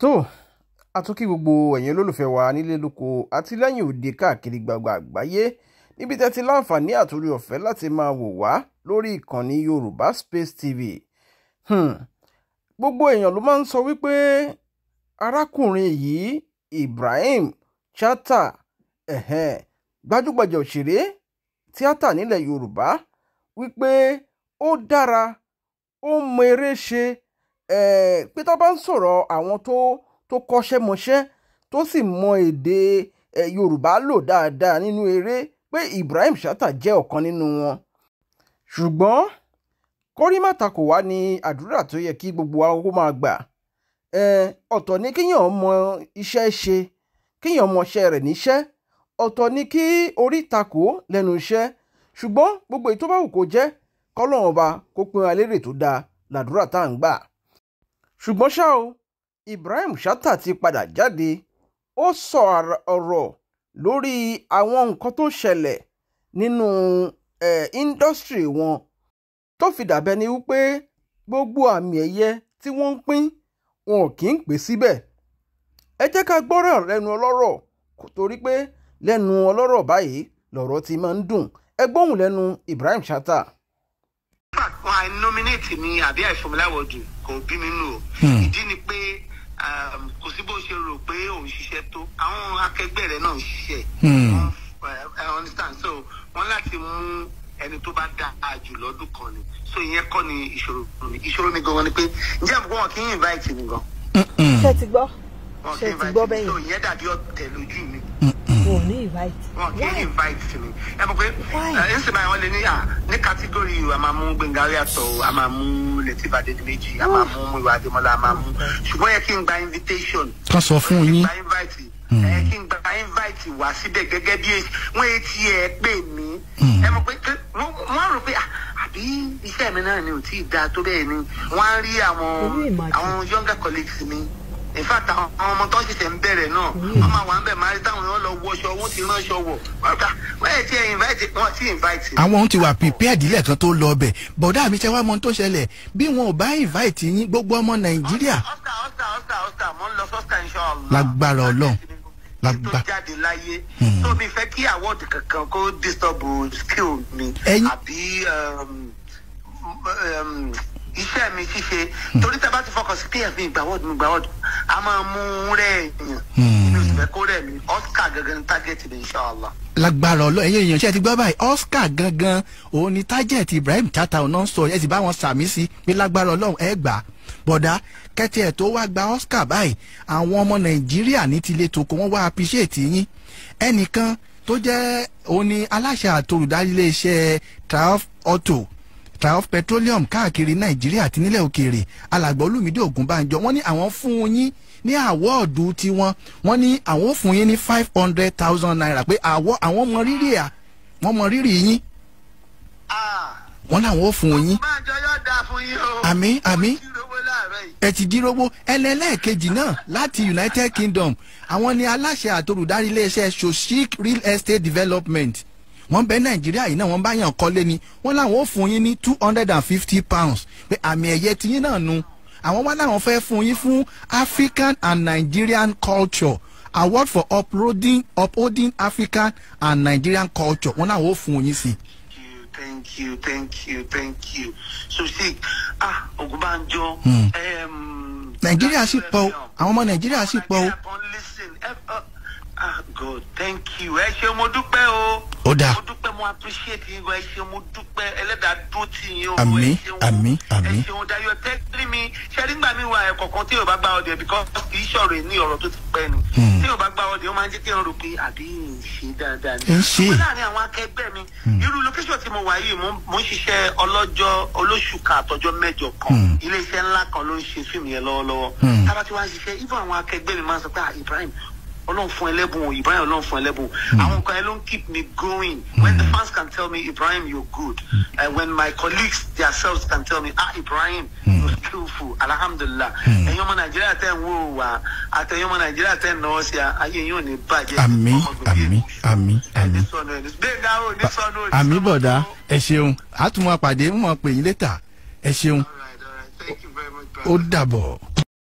tó àtúnkí gbogbo ẹ̀yin olólùfẹ́ wa nílé lóko àti lẹ́yìn òde káàkiri gbàgbà àgbáyé níbi tẹ́ ti láǹfààní àtúrí ọ̀fẹ́ láti máa wò wá lórí ìkànnì Yorùbá Space TV hmm. gbogbo èèyàn ló máa ń sọ wípé arákùnrin yìí Ibrahim Chatta ẹ̀hẹ́n gbajúgbajà òṣèré tíátà nílẹ̀ Yorùbá wípé ó dára ó mọ eré ṣe Eh, pé tó bá ń sọ̀rọ̀ àwọn tó tó kọ́ṣẹ́ mọṣẹ́ tó sì mọ èdè eh, Yorùbá lò dáadáa nínú eré pé Ibrahim Shatta jẹ́ ọ̀kan nínú wọn ṣùgbọ́n kórìmàtà kò wá ní àdúrà tó yẹ kí gbogbo wa máa gbà eh, ọ̀tọ̀ ni kéèyàn mọ iṣẹ́ ṣe kéèyàn mọ rẹ̀ níṣẹ́ ọ̀tọ̀ ni kí orí takò lẹ́nu iṣẹ́ ṣùgbọ́n gbogbo èyí tó bá wù kó jẹ́ kọ́lọ́run ọba kó pín alérè tó dáa làdúrà tá à ń gbà ṣùgbọ́n ṣá o Ibrahim Chatta ti padà jáde ó sọ ọ̀rọ̀ lórí àwọn nǹkan tó ṣẹlẹ̀ nínú eh, wọn tó fi dàbẹ́ ni wípé gbogbo àmì ẹ̀yẹ tí wọ́n ń pín wọn kì í pè síbẹ̀ ẹ jẹ́ ká gbọ́rọ̀ lẹ́nu ọlọ́rọ̀ kò torí pé lẹ́nu ọlọ́rọ̀ báyìí lọ̀rọ̀ ti máa ń dùn ẹ gbóhùn lẹ́nu Ibrahim Chatta wọn nominate mi àbí àìfọmọláwọdù kò bí mi o hmm. ìdí ni pé um, kò sí bó ṣe rò pé òun ṣiṣẹ́ tó àwọn akẹgbẹ́ rẹ̀ náà ń ṣiṣẹ́ I hmm. understand so wọn láti mú ẹni tó bá dá a jù lọ́dún kan ni so ìyẹn kọ́ ni ìṣòro mi ìṣòro mi gangan ni pé ǹjẹ́ àbúkọ́ wọn kì í invite mi gan. ṣé ti gbọ́ ṣé ti gbọ́ bẹ́yìn. so ìyẹn dàbí ọ̀tẹ̀ lójú mi ò ní invite. wọn kì í invite Why? mi ẹ mọ̀ pé ẹ ń sìn báyìí wọ́n lè ní à ní kátígórì a máa mú Gbénga Oríàtọ̀ a máa mú Letty Badedmeji a máa mú Múyìwá Adémọ́lá a máa mú ṣùgbọ́n yẹ kí n gba invitation. ká sọ fún yín ẹ kí n gba invite hmm. wá síbẹ̀ gẹ́gẹ́ bí wọ́n ti ẹ̀ pè mí hmm. ẹ mọ̀ pé wọ́n rò pé àbí iṣẹ́ mi náà ni ò tí ì dáa tó bẹ́ẹ̀ ni wọ́n á rí àwọn àwọn younger colleagues mi in fact àwọn ọmọ tó ṣẹ̀ṣẹ̀ ń bẹ̀rẹ̀ náà wọ́n máa wà ń bẹ̀ máa rí táwọn èèyàn lọ wọṣọ wọ́n ti ránṣọ wọ̀ bàbá wẹ́ẹ̀ tí ẹ invite wọ́n ti invite. àwọn ohun ti wà prepared lẹ́ẹ̀kan tó lọ ọbẹ̀ bọ̀dá mi ṣe wá mọ tó ṣẹlẹ̀ bí wọn ò bá invite yín gbogbo ọmọ nàìjíríà. lágbára ọlọ́run lágbà. tó jáde láyé tó hmm. mi fẹ́ kí award kankan kó disturb skill mi àbí um, um, iṣẹ́ mi ṣíṣe torí tá a bá ti fọkàn sí pf mi gbà mi gbà a máa mú rẹ̀ èèyàn nínú hmm. ìfẹ́ kó rẹ̀ mi oscar gangan ni target mi inshallah. lágbára ọlọ ẹyẹ èèyàn ṣe ti gbọ́ báyìí oscar gangan òun ni target ibrahim tata ọ̀nà sọ ẹ sì bá wọn sàmì sí pé lágbára ọlọ́run ẹ gbà á bọ̀dá kẹ́tì ẹ̀ tó wá gba oscar báyìí àwọn ọmọ nàìjíríà ní tilé toko wọn wá appreciate yín ẹnìkan tó jẹ́ òun ni aláṣẹ àtolùdarí iléeṣẹ́ traf auto Traof Petroleum káàkiri Nàìjíríà àti nílẹ̀ òkèèrè alàgbà Olúmídé Ògúnbànjọ wọ́n ní àwọn fún yín ní àwọ́ọ̀dù tiwọn wọ́n ni àwọn fún yín ní five hundred thousand naira pé àwọ̀ àwọn mọ rírì à wọ́n mọ rírì yín wọ́n làwọn ò fún yín àmì àmì ẹ ti dírówó ẹlẹ́lẹ́ẹ̀kejì náà láti United Kingdom àwọn ni aláṣẹ àtolùdarí iléeṣẹ́ Soshik Real Estate Development wọ́n bẹ nàìjíríà yìí náà wọ́n bá yàn kọ́lé ni wọ́n láwọn ó fún yín ní two hundred and fifty pounds pé àmì ẹ̀yẹ tiyín náà nu àwọn wá láwọn fẹ́ fún yín fún African and Nigerian culture award for uploading, uploading African and Nigerian culture wọ́n láwọn ó fún yín sí. thank you thank you thank you so sick ah Ogunbanjo. Hmm. Um, nàìjíríà sì pọ̀ o àwọn ọmọ nàìjíríà sì pọ̀ o. ah God thank you ẹ ṣé mo dúpẹ́ o ó dáa. mo dúpẹ́ mo appreciate yín gan ẹ ṣeun mo dúpẹ́ ẹlẹ́dàá dúró tì yín o. àmì àmì àmì. ẹ ṣeun dayo tẹ́lí mi ṣẹ́rí gbà mí wà ẹ̀kọ̀kan tí yóò bá gba ọdẹ because kì í ṣọ̀rọ̀ ẹ̀ ní ọ̀rọ̀ tó ti pẹ́ ni. Hmm. tí yóò bá gba ọdẹ ó máa ń jẹ́ kí n rò pé àbí ń ṣe dáadáa ni. ń ṣe. láàrin àwọn akẹgbẹ́ mi hmm. irú location tí mo wà yìí mo ń ṣiṣẹ́ ọlọ́jọ́ olóṣù kan ọlọ́run fún ẹlẹ́bùn Ibrahim ọlọ́run fún ẹlẹ́bùn o àwọn nǹkan ẹ ló ń keep me going when the fans can tell me Ibrahim you're good and uh, when my colleagues themselves can tell me ah Ibrahim you're skillful alhamdulillah hmm. ẹ̀yin ọmọ Nàìjíríà tẹ̀ ń wò wá àtẹ̀yin ọmọ Nàìjíríà tẹ̀ ń náwó sí a ayé yín ò ní bàjẹ́ àmì àmì àmì àmì àmì bọ̀dá ẹ ṣeun àtúmọ̀ àpàdé ń mọ̀ pè yín létà ẹ ṣeun ó dàbọ̀.